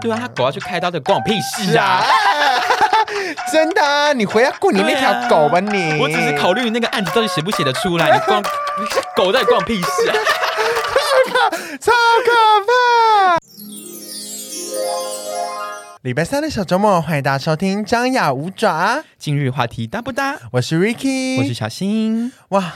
對啊，他狗要去開刀，這關我屁事啊！是啊，哈哈真的、啊，你回家顧你那條狗吧，啊、你。我只是考慮那個案子到底寫不寫得出來，你是 狗在逛屁事啊！超可，超可怕！禮拜三的小周末，歡迎大家收聽張牙舞爪，今日話題搭不搭？我是 Ricky，我是小新。哇！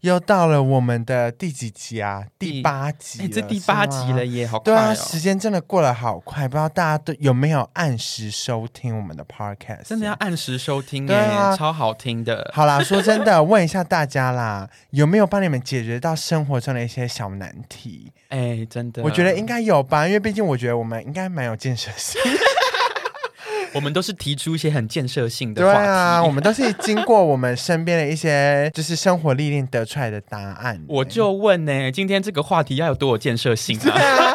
又到了我們的第幾集啊？第八集。欸，這第八集了耶，好快嗎對啊，哦、時間真的過得好快，不知道大家都有沒有按時收聽我們的 podcast？真的要按時收聽，對、啊、超好聽的。好啦，說真的，問一下大家啦， 有沒有幫你們解決到生活中的一些小難題？哎、欸，真的，我覺得應該有吧，因為畢竟我覺得我們應該蠻有建設性的。 我們都是提出一些很建設性的話題。對啊， 我們都是經過我們身邊的一些就是生活歷練得出來的答案。我就問呢、欸，嗯、今天這個話題要有多有建設性啊？哎、啊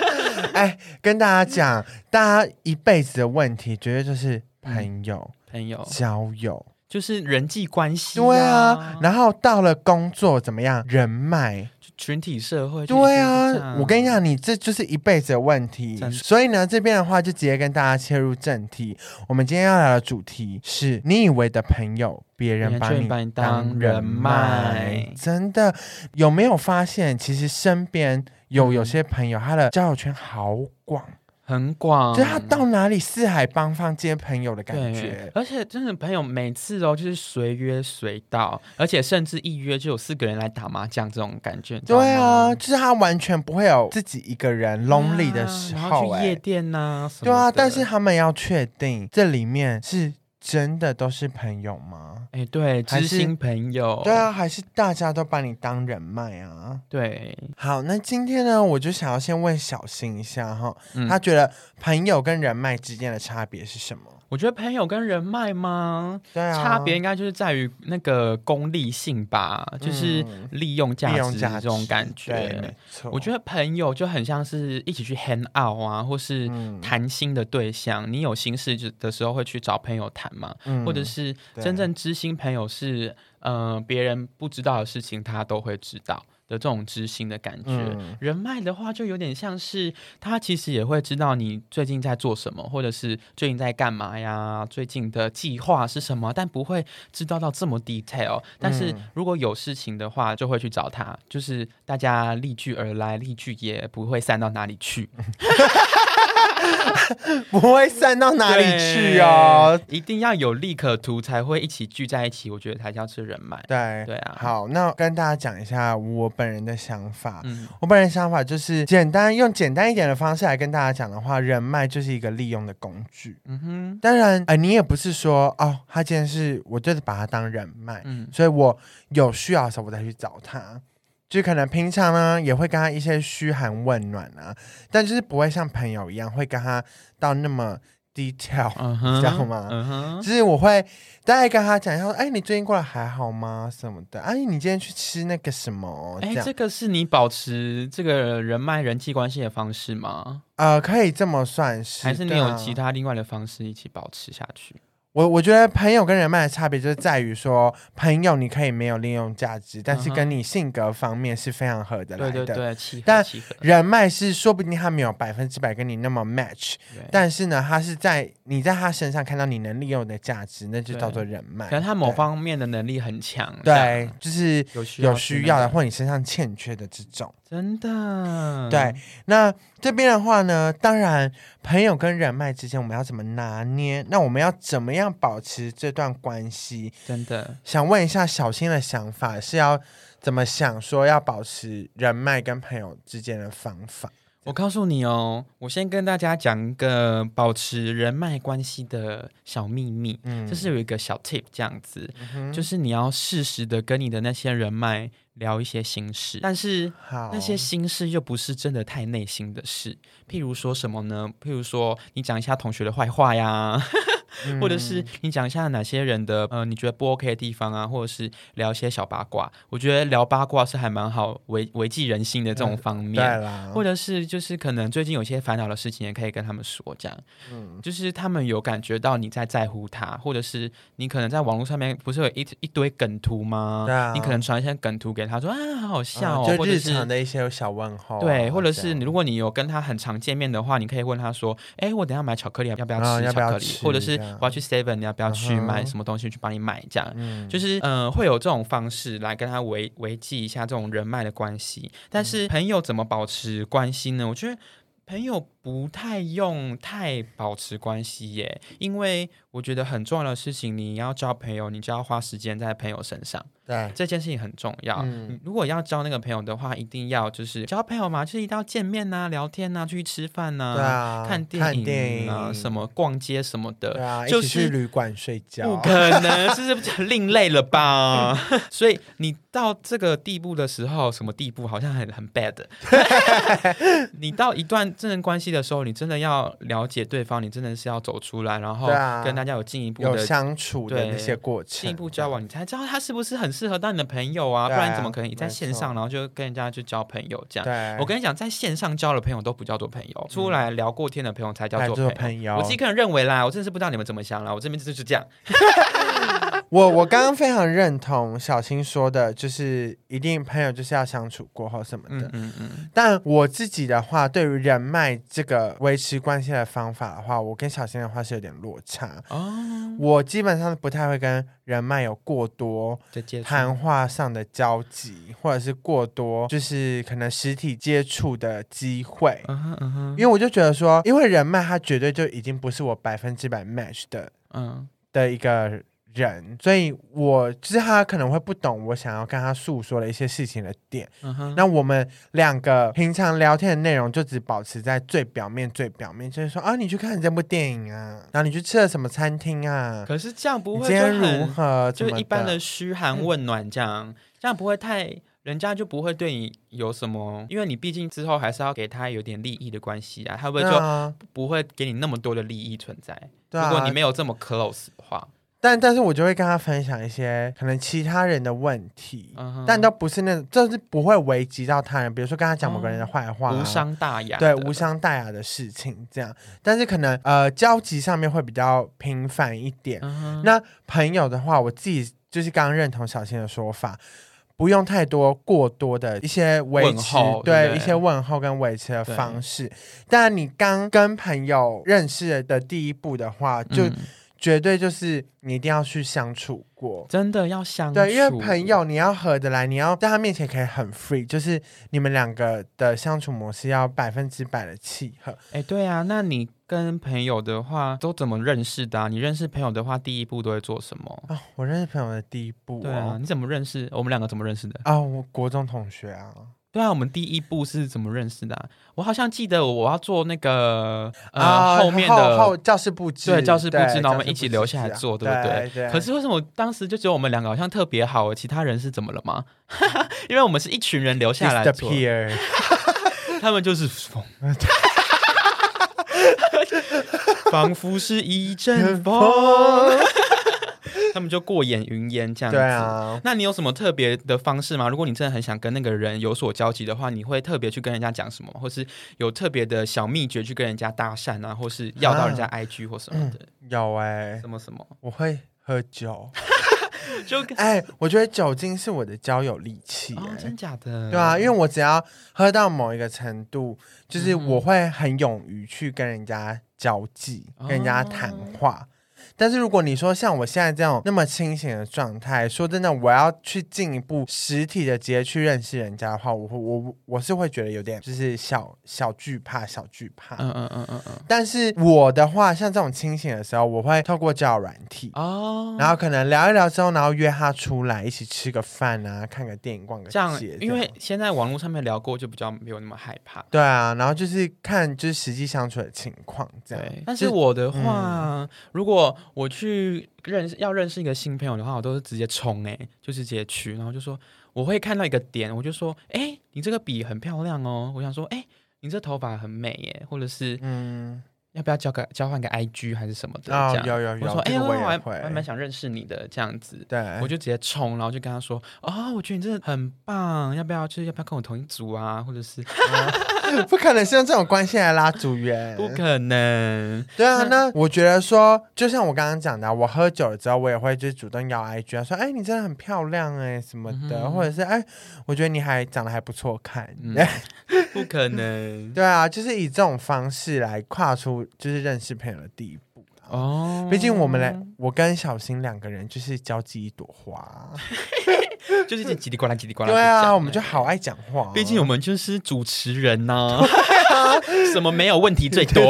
欸，跟大家講，大家一輩子的問題，絕對就是朋友，嗯、朋友交友。就是人際關係、啊，對啊，然後到了工作怎麼樣，人脈、群體社會，對啊，我跟你講，你這就是一輩子的問題。這樣。所以呢，這邊的話就直接跟大家切入正題。我們今天要聊的主題是你以為的朋友，別人把你當人脈，真的有沒有發現？其實身邊有、嗯、有些朋友，他的交友圈好廣。很廣，就是他到哪裡四海八方皆朋友的感覺，而且真的朋友每次都、喔、就是隨約隨到，而且甚至一約就有四個人來打麻將這種感覺。對啊，就是他完全不會有自己一個人 lonely 的時候、欸、啊、去夜店吶、啊，對啊。但是他們要確定這裡面是。真的都是朋友嗎？哎、欸，對，知心朋友。對啊，還是大家都把你當人脈啊？對。好，那今天呢，我就想要先問小新一下哈，嗯、他覺得朋友跟人脈之間的差別是什麼？我覺得朋友跟人脈嗎，啊、差別應該就是在於那個功利性吧，嗯、就是利用價值這種感覺。我覺得朋友就很像是一起去 hang out 啊，或是談心的對象。嗯、你有心事的時候會去找朋友談嘛，嗯、或者是真正知心朋友是，嗯對，別、呃、人不知道的事情他都會知道，的這種知心的感覺，嗯、人脈的話就有點像是他其實也會知道你最近在做什麼，或者是最近在幹嘛呀，最近的計劃是什麼，但不會知道到這麼 detail、嗯。但是如果有事情的話，就會去找他，就是大家力聚而來，力聚也不會散到哪裡去。嗯 不會散到哪裡去哦，一定要有利可圖才會一起聚在一起，我覺得才叫是人脈。對對啊，好，那跟大家講一下我本人的想法。嗯，我本人的想法就是簡單用簡單一點的方式來跟大家講的話，人脈就是一個利用的工具。嗯哼，當然，哎、呃，你也不是說哦，他今天是我就是把他當人脈，嗯，所以我有需要的時候我再去找他。就可能平常呢也會跟他一些噓寒問暖啊，但就是不會像朋友一樣會跟他到那麼 detail，uh huh，知道嗎？Uh huh、就是我會大概跟他講一下，說哎，你最近過得還好嗎？什麼的，哎，阿姨，你今天去吃那個什麼？哎，這個是你保持這個人脈人際關係的方式嗎？呃，可以這麼算是，還是你有其他另外的方式一起保持下去？我我覺得朋友跟人脈的差別就是在於說，朋友你可以沒有利用價值，但是跟你性格方面是非常合得來的。嗯、對對對，但人脈是說不定他沒有百分之百跟你那麼 match，對但是呢，他是在你在他身上看到你能利用的價值，那就叫做人脈。可能他某方面的能力很強，對，就是有需要的或你身上欠缺的這種。真的，對，那這邊的話呢，當然朋友跟人脈之間，我們要怎麼拿捏？那我們要怎麼樣保持這段關係？真的，想問一下小新的想法，是要怎麼想說要保持人脈跟朋友之間的方法？我告訴你哦，我先跟大家講一個保持人脈關係的小秘密，嗯，就是有一個小 tip 這樣子，嗯、哼就是你要適時的跟你的那些人脈聊一些心事，但是那些心事又不是真的太內心的事，好譬如說什麼呢？譬如說你講一下同學的壞話呀。 或者是你講一下哪些人的嗯、呃，你覺得不 OK 的地方啊，或者是聊一些小八卦。我覺得聊八卦是還蠻好維維繫人心的這種方面。嗯、對啦，或者是就是可能最近有些煩惱的事情也可以跟他們說這樣。嗯，就是他們有感覺到你在在乎他，或者是你可能在網絡上面不是有一一堆梗圖嗎？啊、你可能傳一些梗圖給他說啊，好好笑哦。嗯、就日常的一些有小問候、啊。對，或者是如果你有跟他很常見面的話，你可以問他說，哎、欸，我等下買巧克力，要不要吃巧克力？嗯、要要或者是、嗯我要去 Seven，你要不要去買什麼東西？Uh huh. 去幫你買這樣，嗯、就是嗯、呃，會有這種方式來跟他維維繫一下這種人脈的關係。但是朋友怎麼保持關係呢？我覺得朋友。不太用太保持關係耶，因為我覺得很重要的事情，你要交朋友，你就要花時間在朋友身上。對，這件事情很重要。嗯，如果要交那個朋友的話，一定要就是交朋友嘛，就是一定要見面吶、啊、聊天吶、啊、出去吃飯吶、啊、對啊、看電影啊、影啊什麼逛街什麼的，啊、就是去旅館睡覺，不可能，是不是另類了吧？ 所以你到這個地步的時候，什麼地步？好像很很 bad。 你到一段這段關係。的時候，你真的要了解對方，你真的是要走出來，然後跟大家有進一步的、啊、有相處的一些過程，進一步交往，對你才知道他是不是很適合當你的朋友啊？對不然你怎麼可以在線上，錯然後就跟人家去交朋友這樣？對我跟你講，在線上交的朋友都不叫做朋友，出來聊過天的朋友才叫做朋友。嗯、朋友我自己個人認為啦，我真的是不知道你們怎麼想啦，我這邊就是這樣。 我我剛剛非常認同小新說的，就是一定朋友就是要相處過後什麼的。嗯嗯嗯。但我自己的話，對於人脈這個維持關係的方法的話，我跟小新的話是有點落差。哦。我基本上不太會跟人脈有過多的談話上的交集，或者是過多就是可能實體接觸的機會。嗯哼。嗯哼。因為我就覺得說，因為人脈他絕對就已經不是我百分之百 match 的。嗯。的一個人，所以我其實、就是、他可能會不懂我想要跟他訴說的一些事情的點。嗯哼，那我們兩個平常聊天的內容就只保持在最表面，最表面，就是說啊，你去看這部電影啊，然後你去吃了什麼餐廳啊。可是這樣不會，今天如何？就很，就一般的噓寒問暖這樣，嗯、這樣不會太，人家就不會對你有什麼，因為你畢竟之後還是要給他有點利益的關係啊，他會不會就、嗯啊、不會給你那麼多的利益存在。對啊、如果你沒有這麼 close 的話。但但是，我就會跟他分享一些可能其他人的問題，嗯、哼但都不是那這、就是不會危及到他人。比如說跟他講某個人的壞話，無傷大雅。對，無傷大雅對的事情這樣。但是可能呃，交集上面會比較頻繁一點。嗯、哼那朋友的話，我自己就是剛剛認同小新的說法，不用太多過多的一些維持，問候，對，對一些問候跟維持的方式。對但你剛跟朋友認識的第一步的話，就。嗯絕對就是你一定要去相處過，真的要相處對，因為朋友你要合得來，你要在他面前可以很 free，就是你們兩個的相處模式要百分之百的契合。哎、欸，對啊，那你跟朋友的話都怎麼認識的啊？你認識朋友的話，第一步都會做什麼啊、哦？我認識朋友的第一步、啊，對啊，你怎麼認識？我們兩個怎麼認識的啊、哦？我國中同學啊。對啊，我們第一步是怎麼認識的、啊？我好像記得我要做那個呃、uh, 後面的後後教室布置，對，教室布置，對然後我們一起留下來做，對，對不對？對對，可是為什麼當時就覺得我們兩個好像特別好？其他人是怎麼了嗎？ 因為我們是一群人留下來做，Just appear. 他們就是風，仿 佛 是一陣風。 他們就過眼雲煙這樣子。對啊。那你有什麼特別的方式嗎？如果你真的很想跟那個人有所交集的話，你會特別去跟人家講什麼，或是有特別的小祕訣去跟人家搭訕啊，啊或是要到人家 IG 或什麼的。嗯、有哎、欸。什麼什麼？我會喝酒。就哎 欸，我覺得酒精是我的交友利器。哦，真假的？對啊，因為我只要喝到某一個程度，就是我會很勇於去跟人家交際，嗯、跟人家談話。哦但是如果你說像我現在這樣那麼清醒的狀態，說真的，我要去進一步實體的直接去認識人家的話，我會我我我是會覺得有點就是小小懼怕，小懼怕。嗯嗯嗯嗯嗯。嗯嗯嗯，但是我的話，像這種清醒的時候，我會透過交友軟體哦，然後可能聊一聊之後，然後約他出來一起吃個飯啊，看個電影，逛個街。像這樣，因為現在網絡上面聊過，就比較沒有那麼害怕。對啊，然後就是看就是實際相處的情況。這樣對。就但是我的話，嗯、如果我去認識要認識一個新朋友的話，我都是直接衝，哎、欸，就是直接去，然後就說我會看到一個點，我就說哎、欸，你這個筆很漂亮哦，我想說哎、欸，你這頭髮很美耶，或者是嗯，要不要交個交換個 I G 還是什麼的這樣，哦、有有有，我說哎，我，也欸、我還蠻想認識你的這樣子，對，我就直接衝，然後就跟他說哦，我覺得你真的很棒，要不要就是要不要跟我同一組啊，或者是。啊 不可能是用這種關係來拉組員，不可能。對啊，那我覺得說，就像我剛剛講的，我喝酒了之後，我也會就是主動要 IG 啊，說，哎、欸，你真的很漂亮哎、欸，什麼的，嗯、或者是哎、欸，我覺得你還長得還不錯看。不可能。 對啊，就是以這種方式來跨出，就是認識朋友的地步。哦，畢竟我們來我跟小新兩個人就是交際一朵花，就是嘰裡呱啦，嘰裡呱啦。對啊，我們就好愛講話，畢竟我們就是主持人啊，什麼沒有問題最多，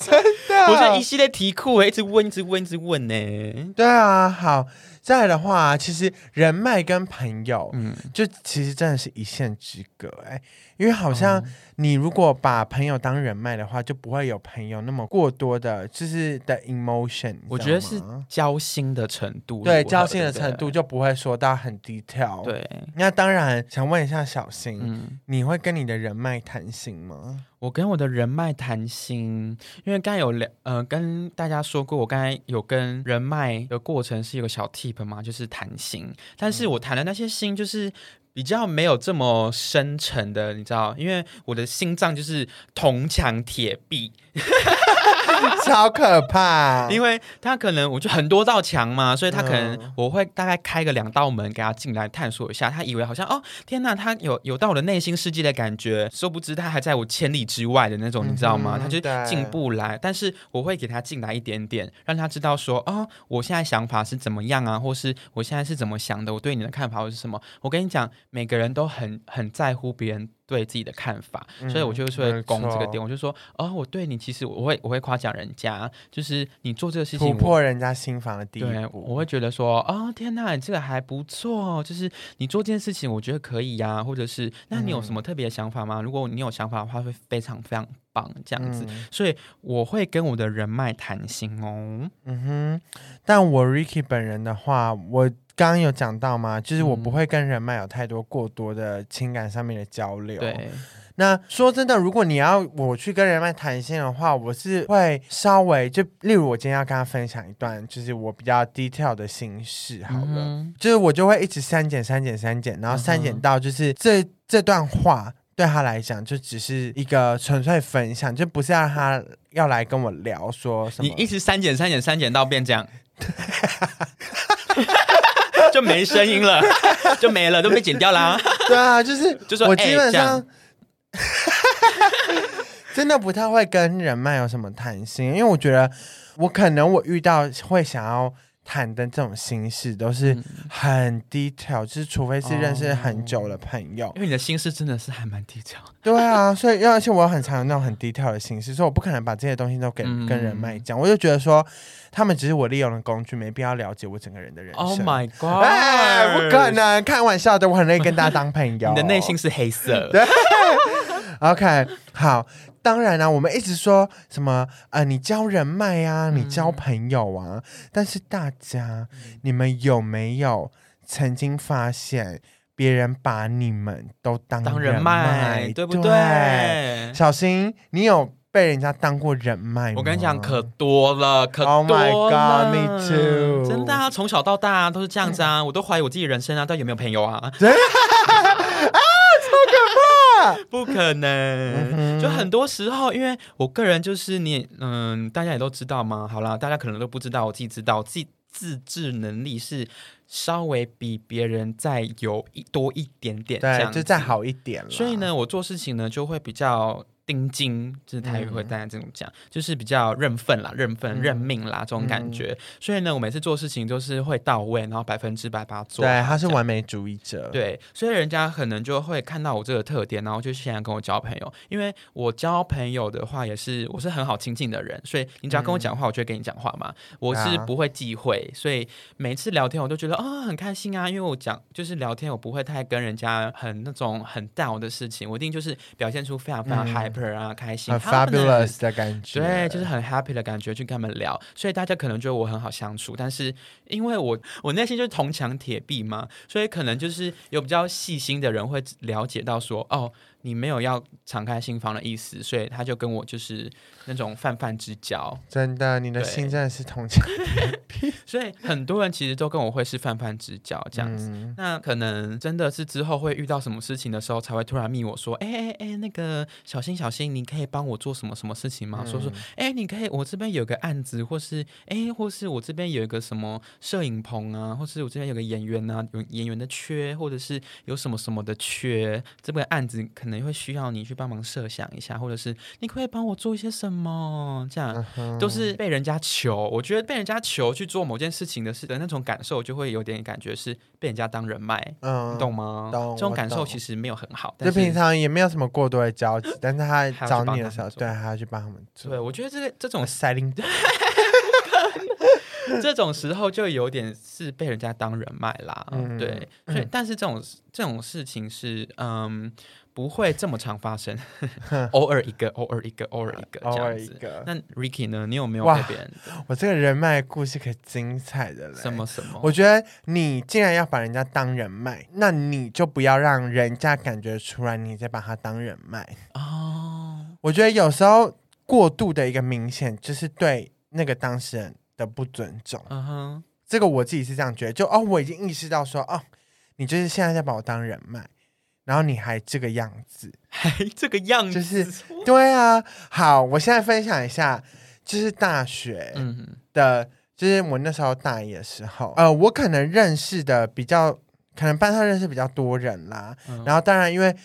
真的，不是一系列題庫，一直問，一直問，一直問呢。對啊，好。再來的話，其實人脈跟朋友，嗯，就其實真的是一線之隔，哎，因為好像。你如果把朋友當人脈的話，就不會有朋友那麼過多的，就是的 emotion。我覺得是交心的程度。對，交心的程度對對對，就不會說到很 detail。對，那當然想問一下小新，嗯、你會跟你的人脈談心嗎？我跟我的人脈談心，因為剛有聊，呃跟大家說過，我剛才有跟人脈的過程是一個小 tip 嘛，就是談心。但是我談的那些心就是。嗯比較沒有這麼深沉的，你知道，因為我的心臟就是銅牆鐵壁。 超可怕， 因為他可能我就很多道牆嘛，所以他可能我會大概開個兩道門給他進來探索一下，他以為好像哦天哪，他有有到我的內心世界的感覺，殊不知他還在我千里之外的那種，嗯、哼你知道嗎？他就進不來，對但是我會給他進來一點點，讓他知道說哦，我現在想法是怎麼樣啊，或是我現在是怎麼想的，我對你的看法或是什麼，我跟你講，每個人都很很在乎別人。對自己的看法，所以我就會攻這個點，嗯、我就說，哦，我對你其實我會我會誇獎人家，就是你做這個事情，突破人家心房的點，對，我會覺得說，哦，天哪，你這個還不錯，就是你做這件事情我覺得可以呀，啊，或者是，那你有什麼特別的想法嗎？嗯、如果你有想法的話，會非常非常棒這樣子，嗯、所以我會跟我的人脈談心哦，嗯哼，但我 Ricky 本人的話，我。剛剛有講到嗎？就是我不會跟人脈有太多過多的情感上面的交流。對。那說真的，如果你要我去跟人脈談心的話，我是會稍微就例如我今天要跟他分享一段，就是我比較低調的心事。好了，嗯、哼就是我就會一直刪減、刪減、刪減，然後刪減到就是這這段話對他來講就只是一個純粹分享，就不是要讓他要來跟我聊說什麼。你一直刪減、刪減、刪減到變這樣。 就沒聲音了， 就沒了， 都被剪掉啦。 對啊，就是， 就是說我基本上、哎、 真的不太會跟人脈有什麼談心， 因為我覺得我可能我遇到會想要。談的這種心思都是很低調、嗯，就是除非是認識很久的朋友，哦、因為你的心思真的是還蠻低調。對啊，所以而且我很常有那種很低調的心思，所以我不可能把這些東西都給、嗯、跟人脈講。我就覺得說，他們只是我利用的工具，沒必要了解我整個人的人生。Oh my God！、欸、不可能，開玩笑的，我很樂意跟大家當朋友。 你的內心是黑色。 OK，好，當然啦、啊，我們一直說什麼，呃，你交人脈啊，你交朋友啊，嗯、但是大家，你們有沒有曾經發現別人把你們都當人脈，當人脈對不對，對？小心，你有被人家當過人脈嗎？我跟你講，可多了，可多了。Oh、my god, me too。真的啊，從小到大、啊、都是這樣子啊，嗯、我都懷疑我自己人生啊，到底有沒有朋友啊？怎樣 不可能，就很多時候，因為我個人就是你，嗯，大家也都知道嘛。好啦，大家可能都不知道，我自己知道，我自己自制能力是稍微比別人再有一多一點點這樣，對，就再好一點了。所以呢，我做事情呢就會比較。丁金，就是台語會大家這種講，嗯、就是比較認份啦、認份、認命啦，嗯、這種感覺。嗯、所以呢，我每次做事情都是會到位，然後百分之百把它做。對，他是完美主義者。對，所以人家可能就會看到我這個特點，然後就現在跟我交朋友。因為我交朋友的話，也是我是很好親近的人，所以你只要跟我講話，嗯、我就會跟你講話嘛。我是不會忌諱，嗯、所以每次聊天我都覺得啊、哦、很開心啊，因為我講就是聊天，我不會太跟人家很那種很 down 的事情，我一定就是表現出非常非常嗨、嗯。啊，開心，很、啊、fabulous 對的感覺，對，就是很 happy 的感覺，去跟他們聊，所以大家可能覺得我很好相處，但是因為我我內心就是銅牆鐵壁嘛，所以可能就是有比較細心的人會了解到說哦。你沒有要敞開心房的意思，所以他就跟我就是那種泛泛之交。真的，你的心真的是同情。 對 所以很多人其實都跟我會是泛泛之交這樣子。嗯、那可能真的是之後會遇到什麼事情的時候，才會突然密我說：“哎哎哎，那個小新小新，你可以幫我做什麼什麼事情嗎？”說說：“哎、嗯，欸、你可以，我這邊有個案子，或是哎、欸，或是我這邊有一個什麼攝影棚啊，或是我這邊有個演員啊，有演員的缺，或者是有什麼什麼的缺，這個案子可能。”你會需要你去幫忙設想一下，或者是你可以幫我做一些什麼？這樣、嗯、都是被人家求。我覺得被人家求去做某件事情的事的那種感受，就會有點感覺是被人家當人脈，嗯，懂嗎？懂。這種感受其實沒有很好，但是就平常也沒有什麼過多的交集。但是他找你的時候，對，他要去幫他們做。對我覺得這個這種 selling 這種時候就有點是被人家當人脈啦。嗯嗯對，所以、嗯、但是這種這種事情是嗯。不會這麼常發生，偶爾一個， 偶爾一個，偶爾一個， 偶爾一個。那 Ricky 呢？你有沒有被別人？我這個人脈故事可精彩的嘞。什麼什麼？我覺得你既然要把人家當人脈，那你就不要讓人家感覺出來你在把他當人脈。哦。我覺得有時候過度的一個明顯就是對那個當事人的不尊重。嗯哼。這個我自己是這樣覺得，就哦，我已經意識到說，哦，你就是現在在把我當人脈。然後你還這個樣子，還這個樣子，就是對啊。好，我現在分享一下，就是大學的，嗯、哼就是我那時候大一的時候，呃，我可能認識的比較，可能班上認識比較多人啦。嗯、哼然後當然，因為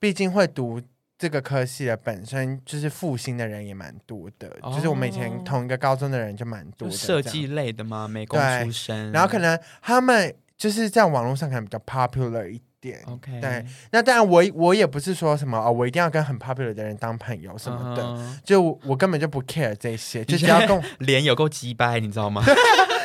畢竟會讀這個科系的，本身就是復興的人也蠻多的。哦、就是我們以前同一個高中的人就蠻多的，設計類的嘛，美工出身。然後可能他們就是在網絡上可能比較 popular 一點。OK，對，那當然我我也不是說什麼啊、哦，我一定要跟很 popular 的人當朋友什麼的，uh huh. 就我根本就不 care 這些，就只要跟臉有夠雞掰，你知道嗎？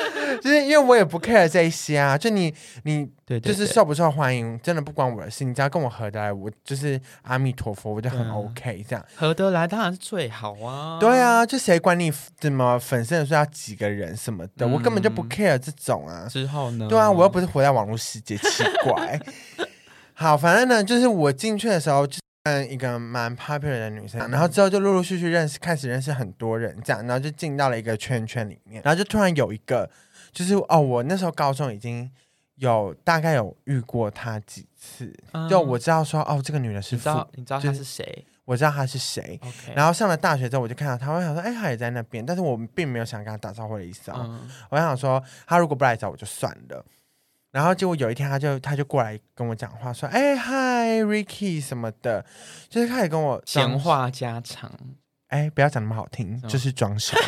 就是因為我也不 care 這一些啊，就你你對，就是受不受歡迎，對對對對真的不關我的事。你只要跟我合得來，我就是阿彌陀佛，我就很 OK 這樣。合得來當然是最好啊。對啊，就誰管你怎麼粉絲數要幾個人什麼的，嗯、我根本就不 care 這種啊。之後呢？對啊，我又不是活在網絡世界，奇怪。 好，反正呢，就是我進去的時候就是。跟、嗯、一個蠻 popular 的女生，然後之後就陸陸續續認識，開始認識很多人，這樣，然後就進到了一個圈圈裡面，然後就突然有一個，就是哦，我那時候高中已經有大概有遇過她幾次，嗯、就我知道說哦，這個女人是，誰？你知道，你知道她是誰？我知道她是誰。Okay. 然後上了大學之後，我就看到她，我想說，哎，她也在那邊，但是我並沒有想跟她打招呼的意思啊、哦，嗯、我想說，她如果不來找我，就算了。然後結果有一天，他就他就過來跟我講話，說：“哎、欸、，Hi, Ricky 什麼的，就是開始跟我閒話家常。”哎、欸，不要講那麼好聽，是嗎，就是裝熟。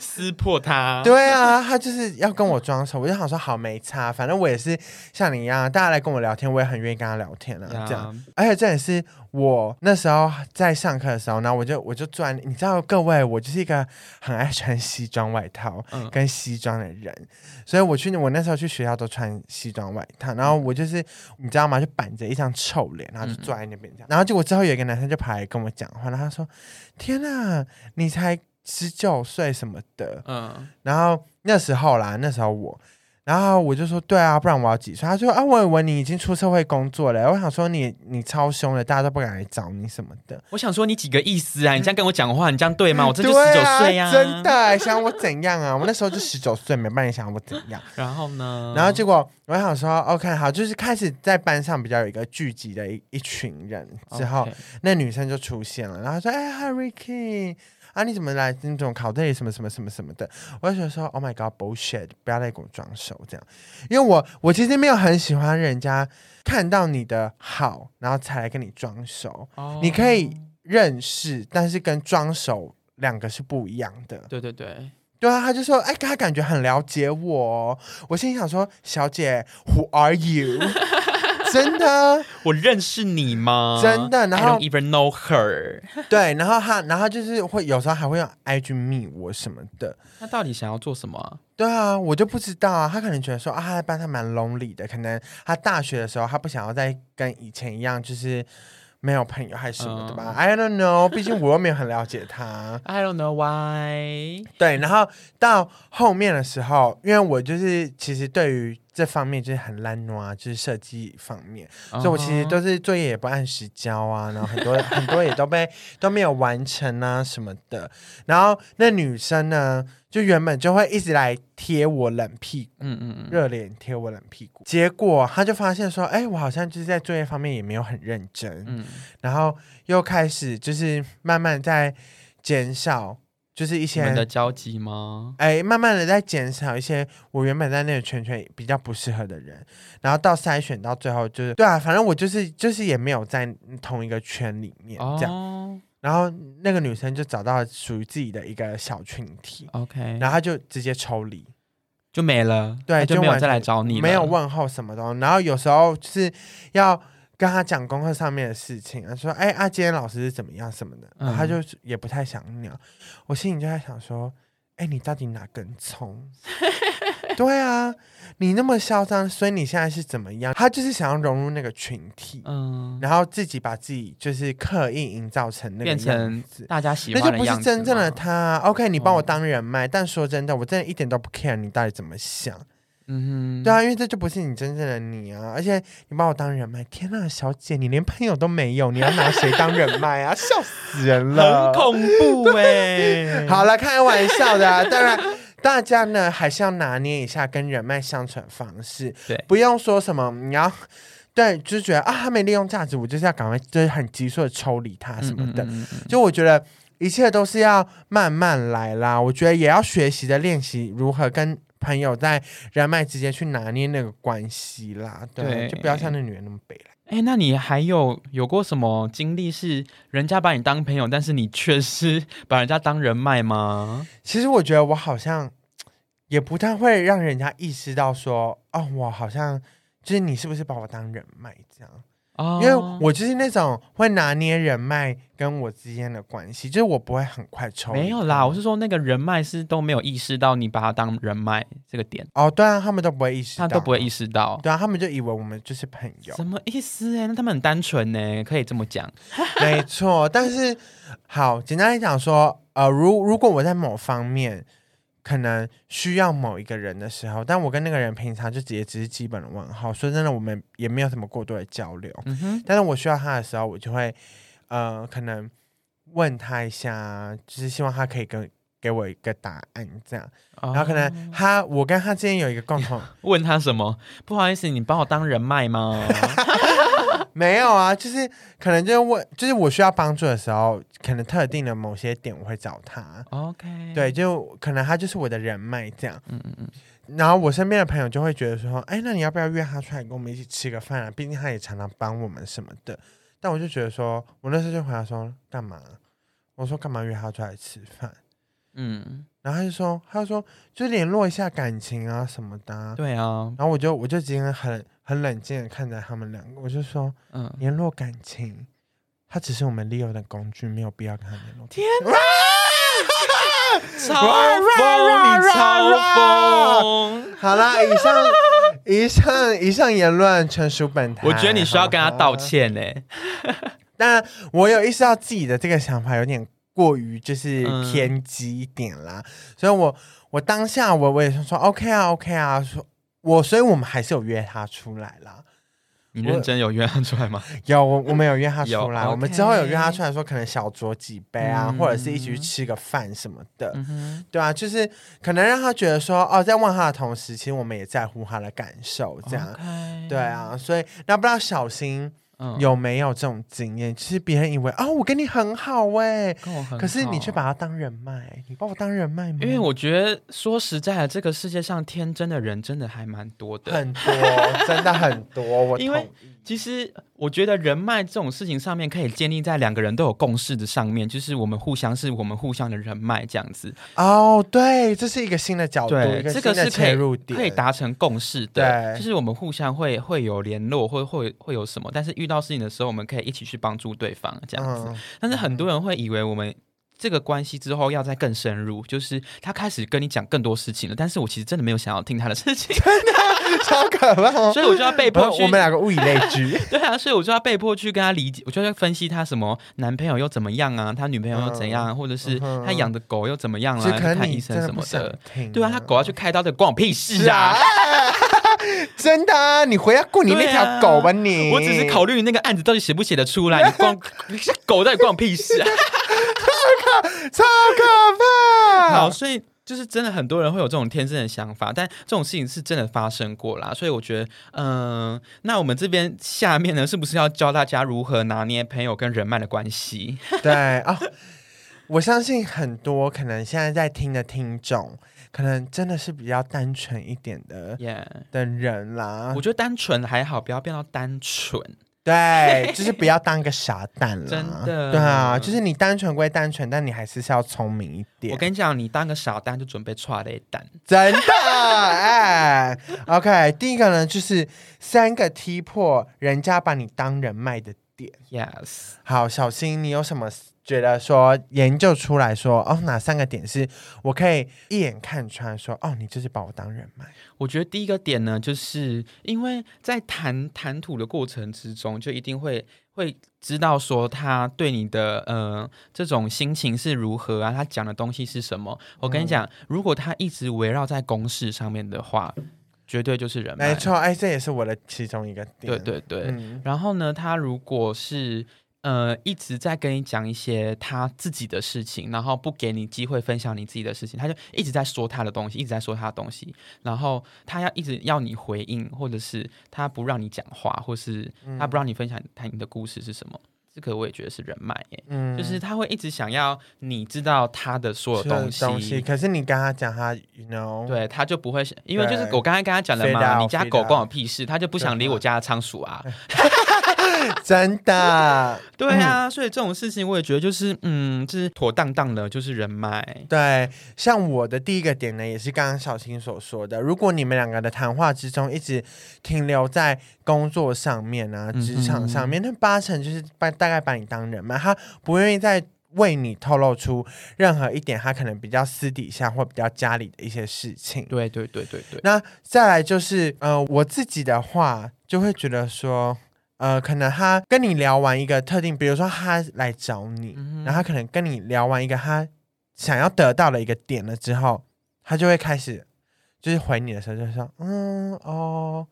撕破他？對啊，他就是要跟我裝熟，我就想說好沒差，反正我也是像你一樣，大家來跟我聊天，我也很願意跟他聊天啊。這樣，Yeah. 而且這也是我那時候在上課的時候，然後我就我就轉你知道，各位，我就是一個很愛穿西裝外套跟西裝的人，嗯、所以我去我那時候去學校都穿西裝外套，然後我就是你知道嗎？就板着一張臭臉，然後就坐在那邊，嗯、然後就我之後有一個男生就跑來跟我講話，然後他說：“天吶、啊，你才。”十九歲什麼的，嗯，然後那時候啦，那時候我，然後我就說，對啊，不然我要幾歲？他說啊，我以為你已經出社會工作了。我想說你，你你超兇的，大家都不敢來找你什麼的。我想說，你幾個意思啊？你這樣跟我講話，嗯、你這樣對嗎？我這就十九歲啊，對啊，真的想我怎樣啊？我那時候就十九歲， 沒辦法，你想我怎樣？然後呢？然後結果我想說，OK，好，就是開始在班上比較有一個聚集的一一群人之後，Okay 那女生就出現了，然後說，哎，Hi，Ricky。Hurricane, 啊，你怎麼來那種考這裡什麼什麼什麼什麼的？我就想說，Oh my God，bullshit，不要來跟我裝熟這樣，因為我我其實沒有很喜歡人家看到你的好，然後才來跟你裝熟。Oh. 你可以認識，但是跟裝熟兩個是不一樣的。對對對，對啊，他就說，哎，他感覺很了解我，哦，我心裡想說，小姐，Who are you？ 真的，我認識你嗎？真的，然後 even know her，對，然後他，然後就是會有時候還會用 IG 密我什麼的，他到底想要做什麼，啊？對啊，我就不知道啊，他可能覺得說啊，他在班上蠻 lonely 的，可能他大學的時候他不想要再跟以前一樣，就是沒有朋友還是什麼的吧、uh.？I don't know，畢竟我又沒有很了解他。I don't know why。對，然後到後面的時候，因為我就是其實對於。這方面就是很爛啊，就是設計方面，uh huh. 所以我其實都是作業也不按時交啊，然後很多 很多也都被都沒有完成啊什麼的。然後那女生呢，就原本就會一直來貼我冷屁股，嗯嗯熱臉貼我冷屁股。結果她就發現說，哎，我好像就是在作業方面也沒有很認真，嗯，然後又開始就是慢慢在減少。就是一些人的交集嗎？哎，慢慢的在減少一些我原本在那個圈圈比較不適合的人，然後到篩選到最後就是對啊，反正我就是就是也沒有在同一個圈裡面這樣，哦、然後那個女生就找到屬於自己的一個小群體，OK，然後她就直接抽離，就沒了，對，就沒有再來找你，沒有問候什麼的，然後有時候就是要。跟他講功課上面的事情啊，說哎阿堅老師是怎麼樣什麼的，嗯、他就也不太想鳥。我心裡就在想說，哎、欸、你到底哪根蔥？ 對啊，你那麼囂張，所以你現在是怎麼樣？他就是想要融入那個群體，嗯，然後自己把自己就是刻意營造成那個變成大家喜歡的樣子，那就不是真正的他、啊。嗯、OK，你幫我當人脈，嗯、但說真的，我真的一點都不 care 你到底怎麼想。嗯哼，對啊，因為這就不是你真正的你啊，而且你把我當人脈，天吶，小姐，你連朋友都沒有，你要拿誰當人脈啊，？ 笑死人了，很恐怖哎、欸。好了，開玩笑的、啊， 當然大家呢還是要拿捏一下跟人脈相處方式，對不用說什麼你要對，就是、覺得啊，他沒利用價值，我就是要趕快，就是很急速的抽離他什麼的。嗯嗯嗯嗯嗯就我覺得一切都是要慢慢來啦，我覺得也要學習的練習如何跟。朋友在人脈直接去拿捏那個關係啦，對，對，就不要像那女人那麼背了。哎、欸，那你還有有過什麼經歷是人家把你當朋友，但是你卻是把人家當人脈嗎？其實我覺得我好像也不太會讓人家意識到說，哦，我好像就是你是不是把我當人脈這樣。哦，因為我就是那種會拿捏人脈跟我之間的關係，就是我不會很快抽。沒有啦，我是說那個人脈是都沒有意識到你把他當人脈這個點。哦，對啊，他們都不會意識到，他都不會意識到。對啊，他們就以為我們就是朋友。什麼意思欸？那他們很單純欸，可以這麼講。 沒錯，但是好，簡單來講說，呃，如如果我在某方面。可能需要某一個人的時候，但我跟那個人平常就也只是基本的問候。說真的，我們也沒有什麼過多的交流。嗯哼。但是我需要他的時候，我就會，呃，可能問他一下，就是希望他可以跟給我一個答案這樣。哦。然後可能他，我跟他之間有一個共同。問他什麼？不好意思，你把我當人脈嗎？ 沒有啊，就是可能就是問，就是我需要幫助的時候，可能特定的某些點我會找他。OK，對，就可能他就是我的人脈這樣。嗯嗯嗯。然後我身邊的朋友就會覺得說：“哎，那你要不要約他出來跟我們一起吃個飯啊？畢竟他也常常幫我們什麼的。”但我就覺得說，我那時候就回答說：“幹嘛？我說幹嘛約他出來吃飯？嗯。”然後他就說：“他就說就是聯絡一下感情啊什麼的。”對啊。對哦。然後我就我就已經很。很冷靜的看着他們兩個，我就說，嗯，聯絡感情，它只是我們利用的工具，沒有必要跟他聯絡。天哪啊！ 超瘋，你超瘋！好啦，以上以上以上言論純屬本台，我覺得你需要跟他道歉呢。吧 但我有意識到自己的這個想法有點過於就是偏激一點啦。嗯、所以我我當下我我也想說 OK 啊，OK 啊，說。我，所以我們還是有約他出來啦。你認真有約他出來嗎？我有我，我們有約他出來。嗯 okay、我們之後有約他出來，說可能小酌幾杯啊，嗯、哼或者是一起去吃個飯什麼的，嗯、哼對啊，就是可能讓他覺得說，哦，在問他的同時，其實我們也在乎他的感受，這樣 Okay 對啊。所以，那不要小心？嗯、有沒有這種經驗？其實別人以為啊、哦，我跟你很好喂、欸，好。可是你卻把它當人脈、欸，你把我當人脈嗎？因為我覺得說實在的，這個世界上天真的人真的還蠻多的，很多，真的很多。 我同意。因為其實我覺得人脈這種事情上面，可以建立在兩個人都有共識的上面，就是我們互相是我們互相的人脈這樣子。哦，oh, 對，這是一個新的角度，對個這個是可以可以達成共識的，對就是我們互相會會有聯絡，會會會，會有什麼，但是遇到事情的時候，我們可以一起去幫助對方這樣子。嗯，但是很多人會以為我們這個關係之後要再更深入，就是他開始跟你講更多事情了，但是我其實真的沒有想要聽他的事情，真的。 超可怕！ 所以我就要被迫我。我們兩個物以類聚。 對啊，所以我就要被迫去跟他理解，我就要分析他什麼男朋友又怎麼樣啊，他女朋友又怎樣，或者是他養的狗又怎麼樣啊，去、嗯、看醫生什麼的。的啊對啊，他狗要去開刀，這關我屁事啊！是啊啊真的、啊，你回家顧你那條狗吧你，你、啊。我只是考慮那個案子到底寫不寫得出來，你是 狗到底關我屁事、啊是超？超可怕！ 好，所以。就是真的很多人會有這種天真的想法，但這種事情是真的發生過啦，所以我覺得，嗯、呃，那我們這邊下面呢，是不是要教大家如何拿捏朋友跟人脈的關係？對啊，哦、 我相信很多可能現在在聽的聽眾，可能真的是比較單純一點的 yeah, 的人啦。我覺得單純還好，不要變到單純。對，就是不要當個傻蛋了，真的。對啊，就是你單純歸單純，但你還是是要聰明一點。我跟你講，你當個傻蛋就準備錯了一單，真的。哎 ，OK，第一個呢，就是三個踢破人家把你當人脈的點。Yes，好，小新，你有什麼？覺得說研究出來說哦哪三個點是，我可以一眼看穿說哦你就是把我當人脈。我覺得第一個點呢，就是因為在談談吐的過程之中，就一定會會知道說他對你的嗯、呃、這種心情是如何啊，他講的東西是什麼。嗯、我跟你講，如果他一直圍繞在公式上面的話，絕對就是人脈。沒錯，哎這也是我的其中一個點。對對對，嗯、然後呢，他如果是。呃，一直在跟你講一些他自己的事情，然後不給你機會分享你自己的事情，他就一直在說他的東西，一直在說他的東西。然後他要一直要你回應，或者是他不讓你講話，或是他不讓你分享他你的故事是什麼？嗯、這個我也覺得是人脈嗯，就是他會一直想要你知道他的所有東西。是東西可是你跟他講，他 you know 對他就不會想，因為就是我剛才跟他講的嘛，對你家狗關我屁事，的他就不想理我家的倉鼠啊。 真的，對啊，嗯、所以這種事情我也覺得就是，嗯，就是妥當當的，就是人脈。對，像我的第一個點呢，也是剛剛小青所說的，如果你們兩個的談話之中一直停留在工作上面啊，職場上面，嗯、哼那八成就是把大概把你當人脈，他不願意再為你透露出任何一點他可能比較私底下或比較家裡的一些事情。對對對對對。那再來就是，呃，我自己的話就會覺得說。呃，可能他跟你聊完一個特定，比如說他來找你，嗯、哼然後他可能跟你聊完一個他想要得到的一個點了之後，他就會開始就是回你的時候就說，嗯哦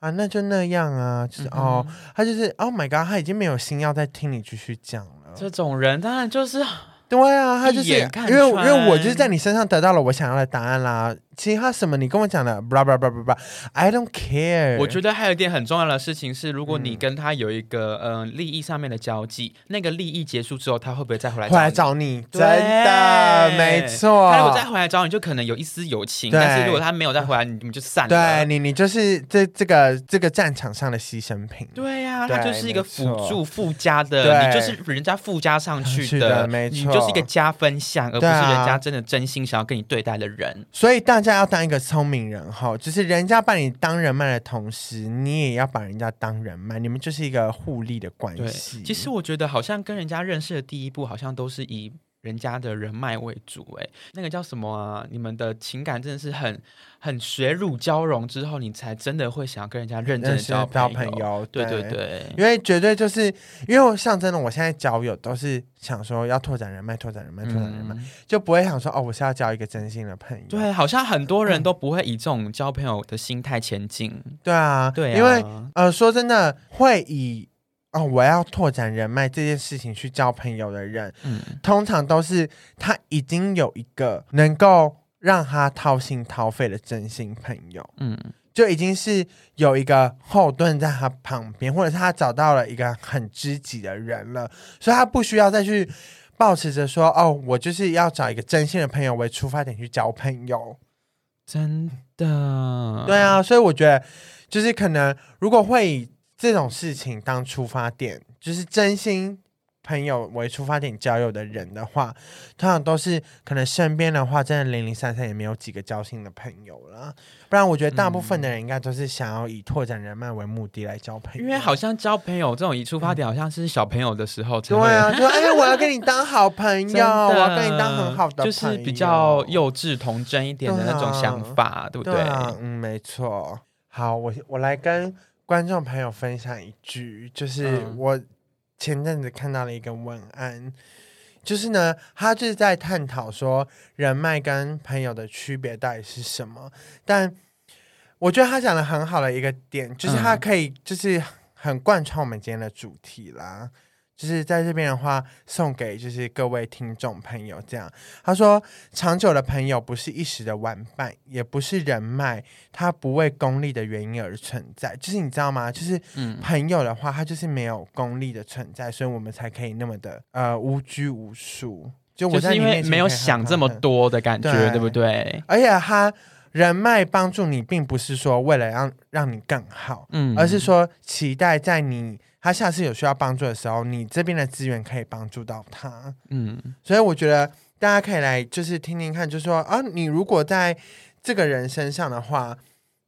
啊那就那樣啊，就是、嗯、哼哦他就是 oh my god 他已經沒有心要再聽你繼續講了。這種人當然就是對啊，他就是因為因為我就是在你身上得到了我想要的答案啦。其他什麼你跟我講的，不啦不啦不啦不啦，I don't care。我覺得還有一點很重要的事情是，如果你跟他有一個嗯利益上面的交際，那個利益結束之後，他會不會再回來？回來找你？對真的沒錯錯。他如果再回來找你，就可能有一絲友情。對但是如果他沒有再回來，你們就散了。對你，你就是這這個這個戰場上的犧牲品。對呀、啊，他就是一個輔助附加的，對你就是人家附加上去的，沒錯，你就是一個加分項，而不是人家真的真心想要跟你對待的人。所以但。人家要當一個聰明人哈、哦，就是人家把你當人脈的同時，你也要把人家當人脈，你們就是一個互利的關係。其實我覺得，好像跟人家認識的第一步，好像都是以。人家的人脈為主，欸，哎，那個叫什麼啊？你們的情感真的是很很水乳交融之後，你才真的會想要跟人家認真交認識交朋友。對對對，因為絕對就是因為像真的，我現在交友都是想說要拓展人脈，拓展人脈，拓展人脈，嗯、就不會想說哦，我是要交一個真心的朋友。對，好像很多人都不會以這種交朋友的心態前進，嗯。對啊，對啊，因為呃，說真的，會以。哦，我要拓展人脈這件事情去交朋友的人，嗯，通常都是他已經有一個能夠讓他掏心掏肺的真心朋友，嗯，就已經是有一個後盾在他旁邊，或者是他找到了一個很知己的人了，所以他不需要再去抱持着說，哦，我就是要找一個真心的朋友為出發點去交朋友，真的，對啊，所以我覺得就是可能如果會。這種事情當出發點，就是真心朋友為出發點交友的人的話，通常都是可能身邊的話，真的零零散散也沒有幾個交心的朋友了。不然我覺得大部分的人應該都是想要以拓展人脈為目的來交朋友，嗯。因為好像交朋友這種以出發點，好像是小朋友的時候，嗯。對啊，說哎，我要跟你當好朋友， 的我要跟你當很好的朋友，就是比較幼稚童真一點的那種想法，對，啊，對不對？對啊，嗯，沒錯。好，我我來跟。觀眾朋友分享一句，就是我前陣子看到了一個文案，就是呢，他就是在探討說，人脈跟朋友的區別到底是什麼。但我覺得他講的很好的一個點，就是他可以就是很貫穿我們今天的主題啦。就是在這邊的話，送給就是各位聽眾朋友，這樣他說，長久的朋友不是一時的玩伴，也不是人脈，他不為功利的原因而存在。就是你知道嗎？就是朋友的話，他就是沒有功利的存在，嗯、所以我們才可以那麼的呃無拘無束。就我在就是因為沒有想,想這麼多的感覺，對,對不對？而且他人脈幫助你，並不是說為了讓讓你更好，嗯，而是說期待在你。他下次有需要幫助的時候，你這邊的資源可以幫助到他。嗯，所以我覺得大家可以來，就是聽聽看就是，就說啊，你如果在這個人身上的話，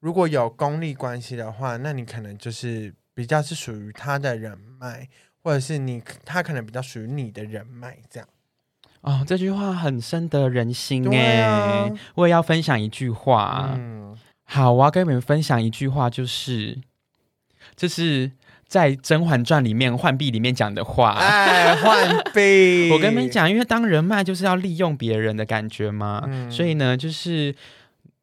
如果有功利關係的話，那你可能就是比較是屬於他的人脈，或者是你他可能比較屬於你的人脈這樣。哦，這句話很深得人心哎、欸！啊、我也要分享一句話。嗯，好，我要跟你們分享一句話，就是，就是。在《甄嬛傳》裡面，浣碧裡面講的話，哎、欸，浣碧， 我跟你們講，因為當人脈就是要利用別人的感覺嘛，嗯、所以呢，就是，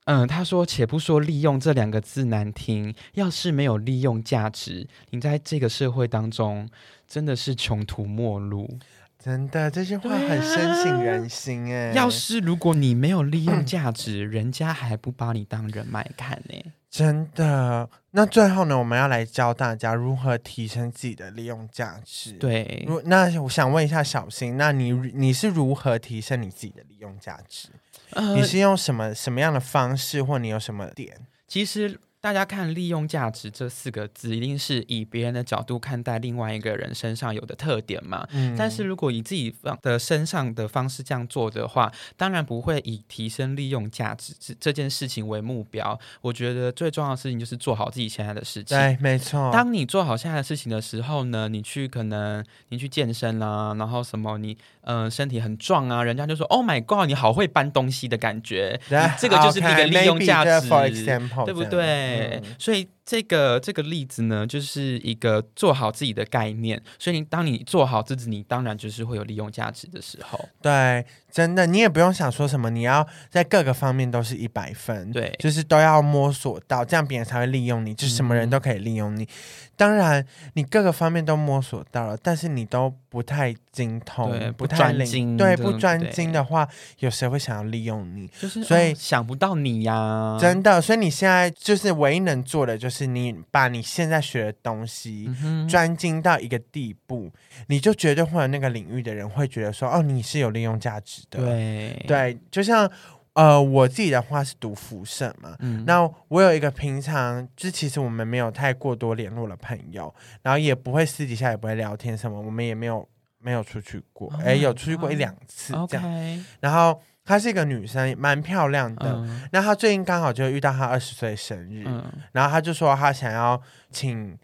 嗯、呃，他說，且不說利用這兩個字難聽，要是沒有利用價值，你在這個社會當中真的是窮途末路，真的，這句話很深省人心哎、欸啊。要是如果你沒有利用價值，嗯、人家還不把你當人脈看呢、欸。真的，那最後呢，我們要來教大家如何提升自己的利用價值。對如，那我想問一下小新，那你你是如何提升你自己的利用價值？呃、你是用什麼什麼樣的方式，或你有什麼點？其實。大家看“利用價值”這四個字，一定是以別人的角度看待另外一個人身上有的特點嘛？嗯，但是如果以自己的身上的方式這樣做的話，當然不會以提升利用價值這件事情為目標。我覺得最重要的事情就是做好自己現在的事情。對，沒錯。當你做好現在的事情的時候呢，你去可能你去健身啦、啊，然後什麼你。嗯、呃，身體很壯啊，人家就說，Oh my God，你好會搬東西的感覺，yeah，這個就是一個利用價值，okay, example，對不對？嗯、所以。這個這個例子呢，就是一個做好自己的概念。所以你，當你做好自己，你當然就是會有利用價值的時候。對，真的，你也不用想說什麼，你要在各個方面都是一百分。對，就是都要摸索到，這樣別人才會利用你。就是什麼人都可以利用你，嗯、當然你各個方面都摸索到了，但是你都不太精通，不，專精不太精，對，對，不專精的話，對，有誰會想要利用你？就是所以、嗯、想不到你呀，真的。所以你現在就是唯一能做的就是。就是你把你現在學的東西專精到一個地步，嗯、哼你就絕對會有那個領域的人會覺得說，哦，你是有利用價值的。對對，就像呃，我自己的話是讀服設嘛，那、嗯、我有一個平常就是、其實我們沒有太過多聯絡的朋友，然後也不會私底下也不會聊天什麼，我們也沒有沒有出去過，哎、oh，有出去過一兩次這樣，Okay 然後。她是一個女生，蠻漂亮的。嗯。那她最近剛好就遇到她二十歲生日，嗯。然後她就說她想要請。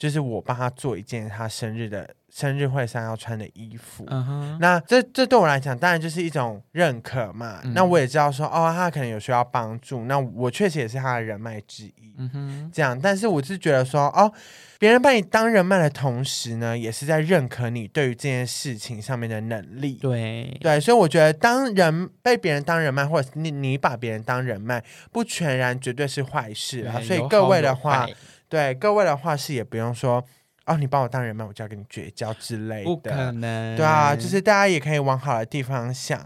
就是我幫他做一件他生日的生日會上要穿的衣服，uh huh. 那這這對我來講當然就是一種認可嘛。嗯、那我也知道說哦，他可能有需要幫助，那我確實也是他的人脈之一，uh huh. 這樣。但是我是覺得說哦，別人把你當人脈的同時呢，也是在認可你對於這件事情上面的能力。對對，所以我覺得當人被別人當人脈，或者是你你把別人當人脈，不全然絕對是壞事啊。對所以各位的話，有對各位的話是也不用說哦，你把我當人脈，我就要跟你絕交之類的，不可能。對啊，就是大家也可以往好的地方想。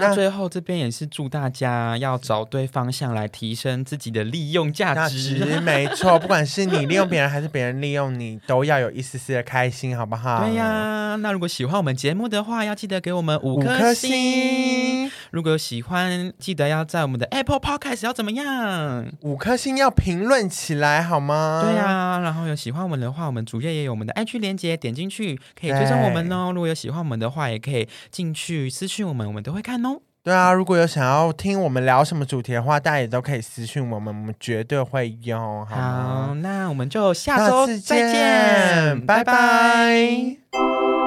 那最後這邊也是祝大家要找對方向來提升自己的利用價值沒，沒錯，不管是你利用別人還是別人利用你，都要有一絲絲的開心，好不好？對呀、啊。那如果喜歡我們節目的話，要記得給我們五顆星。星如果有喜歡，記得要在我們的 Apple Podcast 要怎麼樣？五顆星要評論起來好嗎？對呀、啊。然後有喜歡我們的話，我們主頁也有我們的 IG 鏈接，點進去可以追蹤我們哦。對如果有喜歡我們的話，也可以進去私信我們，我們都會看哦。對啊，如果有想要聽我們聊什麼主題的話，大家也都可以私訊我們，我們絕對會有。好，好，那我們就下週下次見，再見，拜拜、拜拜。